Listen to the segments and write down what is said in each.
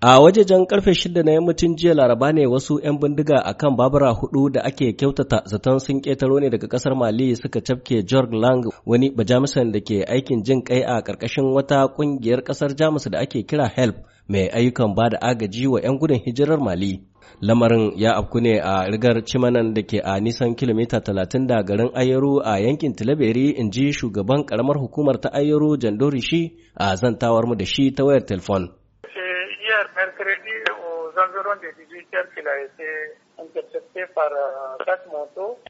A wajejen karfe shida na yammacin jiya laraba ne wasu 'yan bindiga a kan babura hudu da ake kyautata zaton sun ƙetaro ne daga ƙasar Mali suka cafke George Lang wani bajamisan da ke aikin jin kai a karkashin wata ƙungiyar ƙasar Jamus da ake kira HELP mai ayyukan ba da agaji wa 'yan gudun hijirar Mali. Lamarin ya afku ne a rigar Cimanan da ke a nisan kilomita talatin da garin Ayaru a yankin Tilaberi in ji shugaban karamar hukumar ta Ayaru Jandorishi a zantawar mu da shi ta wayar telefon. Uh,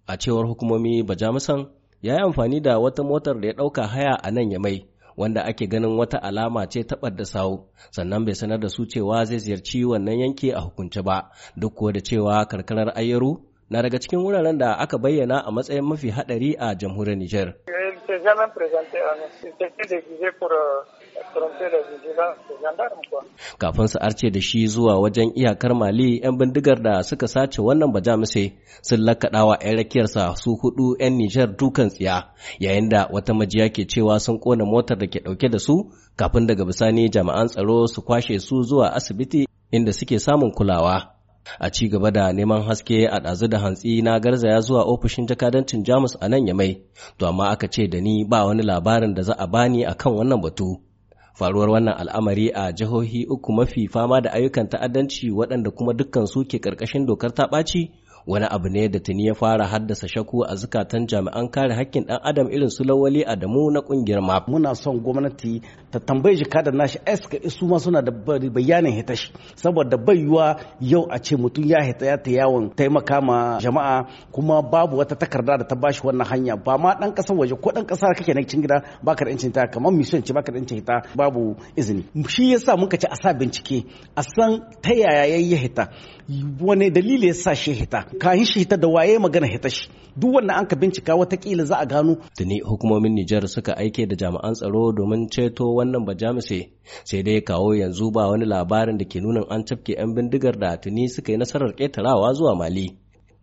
a cewar hukumomi ba jamusan ya yi amfani da wata motar da ya ɗauka haya a nan ya mai, wanda ake ganin wata alama ce ta da sawu, sannan bai sanar da su cewa zai ziyarci wannan yanki a hukunce ba, duk kuwa da cewa karkarar Ayyaru na daga cikin wuraren da aka bayyana a matsayin mafi haɗari a jamhuriyar Nijar. Eh, Kafin su arce da shi zuwa wajen iyakar Mali 'yan bindigar da suka sace wannan bajamise sun lakaɗawa 'yan rakiyarsa su hudu 'yan Nijar dukan tsiya yayin da wata majiya ke cewa sun kona motar da ke ɗauke da su kafin daga bisani jami'an tsaro su kwashe su zuwa asibiti inda suke samun kulawa. a ci gaba da neman haske a ɗazu da hantsi na garzaya zuwa ofishin jakadancin jamus a nan yamai to amma aka ce da ni ba wani labarin da za a bani akan wannan batu faruwar wannan al'amari a jihohi uku mafi fama da ayyukan ta'addanci waɗanda kuma dukkan su ke ƙarƙashin dokar ta ɓaci wani abu ne da tuni ya fara haddasa shaku a zukatan jami'an kare hakkin dan adam irin su lawali adamu na kungiyar map muna son gwamnati ta tambaye jika da nashi eska su ma suna da bayanin hita shi saboda bai yau a ce mutum ya hita ya ta yawon taimaka ma jama'a kuma babu wata takarda da ta bashi wannan hanya ba ma dan kasar waje ko dan kasa kake na cikin gida baka da incin ta kamar mission ce baka da incin hita babu izini shi yasa muka ce a sa bincike a san ta yaya yayi hita wani dalili yasa shi hita yi shi ta da waye magana hita shi duk wanda an ka bincika watakila za a gano tuni hukumomin Nijar suka aike da jami'an tsaro domin ceto wannan bajamise sai dai kawo yanzu ba wani labarin da ke nuna an cafke 'yan bindigar da tuni suka yi nasarar ketarawa zuwa Mali.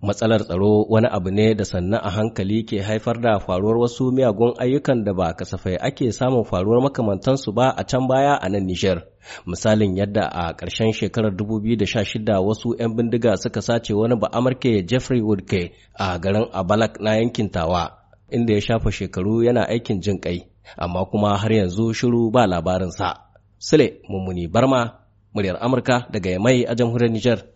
matsalar tsaro wani abu ne da sannan a hankali ke haifar da faruwar wasu miyagun ayyukan da ba kasafai ake samun faruwar makamantansu ba a can baya a nan Nijar. Misalin yadda a ƙarshen shekarar 2016 wasu 'yan bindiga suka sace wani ba ba'amarke Jeffrey Woodke a garin Abalak na yankin Tawa, inda ya shafa shekaru yana aikin jin kai, amma kuma har yanzu shiru ba labarinsa. Sule Mummuni Barma, muryar Amurka daga Yamai a jamhuriyar Nijar.